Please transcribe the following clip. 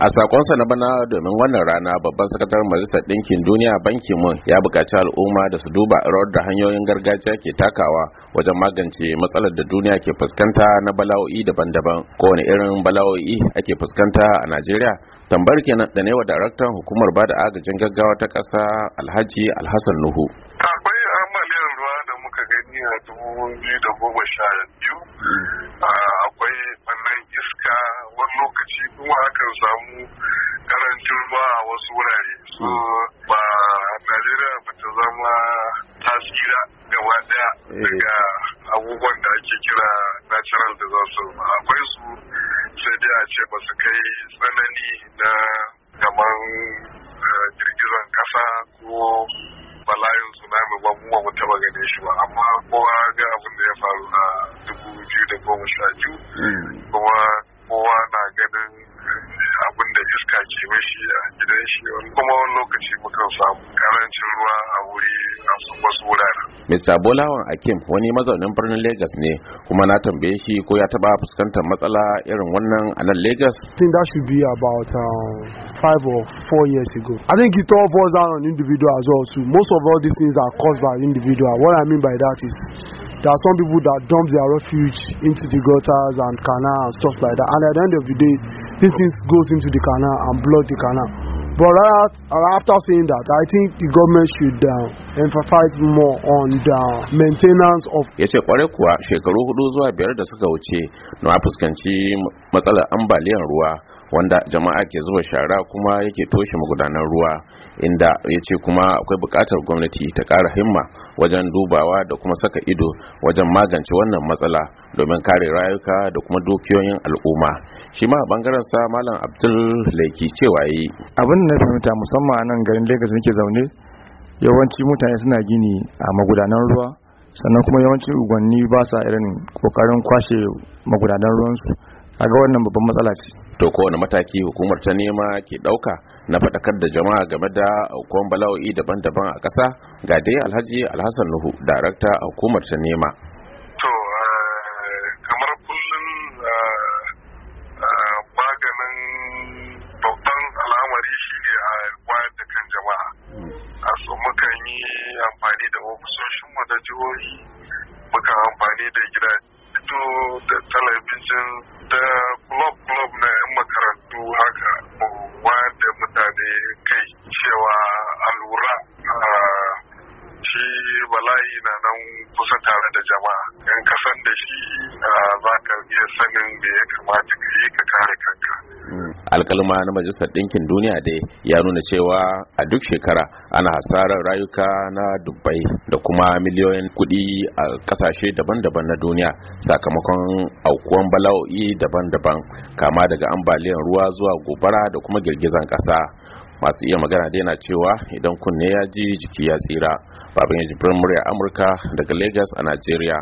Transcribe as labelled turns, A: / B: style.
A: a sakonsa na bana domin wannan rana babban sakataren majalisar ɗinkin duniya banki mun ya buƙaci al'umma da su duba rawar da hanyoyin gargajiya ke takawa wajen magance matsalar da duniya ke fuskanta na bala'o'i daban-daban kowane irin bala'o'i ake fuskanta a najeriya tambayar kenan da ne wa daraktan hukumar bada agajin gaggawa ta ƙasa alhaji alhassan nuhu akwai ambaliyar ruwa
B: da muka gani a dubu biyu da goma sha biyu mm. ah, akwai wannan lokaci kuma akan samu karancin ruwa a wasu wurare so hmm. ba najeriya ba ta zama tasira gaba daya eh. daga abubuwan da ake kira natural disaster ba akwai su sai dai a ce ba su kai tsanani na kamar eh, girgizan kasa ko bala'in tsunami ba mu ba taba gane shi ba amma kowa ga abin da ya faru a dubu biyu da goma sha biyu hmm. kuma ganin abin da iska ke mashi a gidan shi kuma wani lokaci mukan samu karancin ruwa a wuri a
A: wasu wuraren. Mr. Bolawan Akim wani mazaunin birnin Legas ne kuma na tambaye shi ko ya taba fuskantar matsala irin wannan a nan Legas.
C: I think that should be about um, five or four years ago. I think it all falls down on individual as well too. Most of all these things are caused by individual. What I mean by that is There are some people that dump their refuge into the gutters and canal and stuff like that. And at the end of the day, these things goes into the canal and block the canal. But after saying that, I think the government should uh, emphasize more on the maintenance of.
A: Ya ce kwarai kuwa shekaru hudu zuwa biyar da suka wuce na fuskanci matsalar ambaliyar ruwa wanda jama'a ke zuba shara kuma yake toshe magudanar ruwa inda ya ce kuma akwai buƙatar gwamnati ta ƙara himma wajen dubawa da kuma saka ido wajen magance wannan matsala domin kare rayuka da kuma dukiyoyin al'umma shi ma bangaren sa malam abdul laiki cewa yi abin na fahimta musamman a nan garin lagos nake zaune yawanci mutane suna gini a magudanan ruwa sannan kuma yawancin ugwanni ba sa irin kokarin kwashe magudanan ruwansu kaga wannan babban matsala ce to kowane mataki hukumar ta nema ke ɗauka na faɗakar da jama'a game da aukuwan bala'o'i daban-daban a ƙasa ga dai alhaji alhassan nuhu darakta a hukumar ta nema to
B: eh, kamar kullum eh, eh, maganin babban al'amari shi ne a wayar da kan jama'a a so mukan yi amfani da ofisoshinmu na jihohi muka amfani da gidaje da talabijin da club club na makarantu haka mu wayar da mutane kai cewa a lura shi bala'i na nan kusa tare da jama'a in kasan
A: da shi za ka iya sanin da ya kamata ka yi ka kare kanka alkalma na majalisar ɗinkin duniya dai ya nuna cewa a duk shekara ana hasarar rayuka na dubbai da kuma miliyoyin kuɗi a ƙasashe daban-daban na duniya sakamakon aukuwan bala'o'i daban-daban kama daga ambaliyar ruwa zuwa gobara da kuma girgizan ƙasa masu iya magana dai na cewa idan kunne ya ji jiki ya tsira babin ya jibrin murya amurka daga lagos a nigeria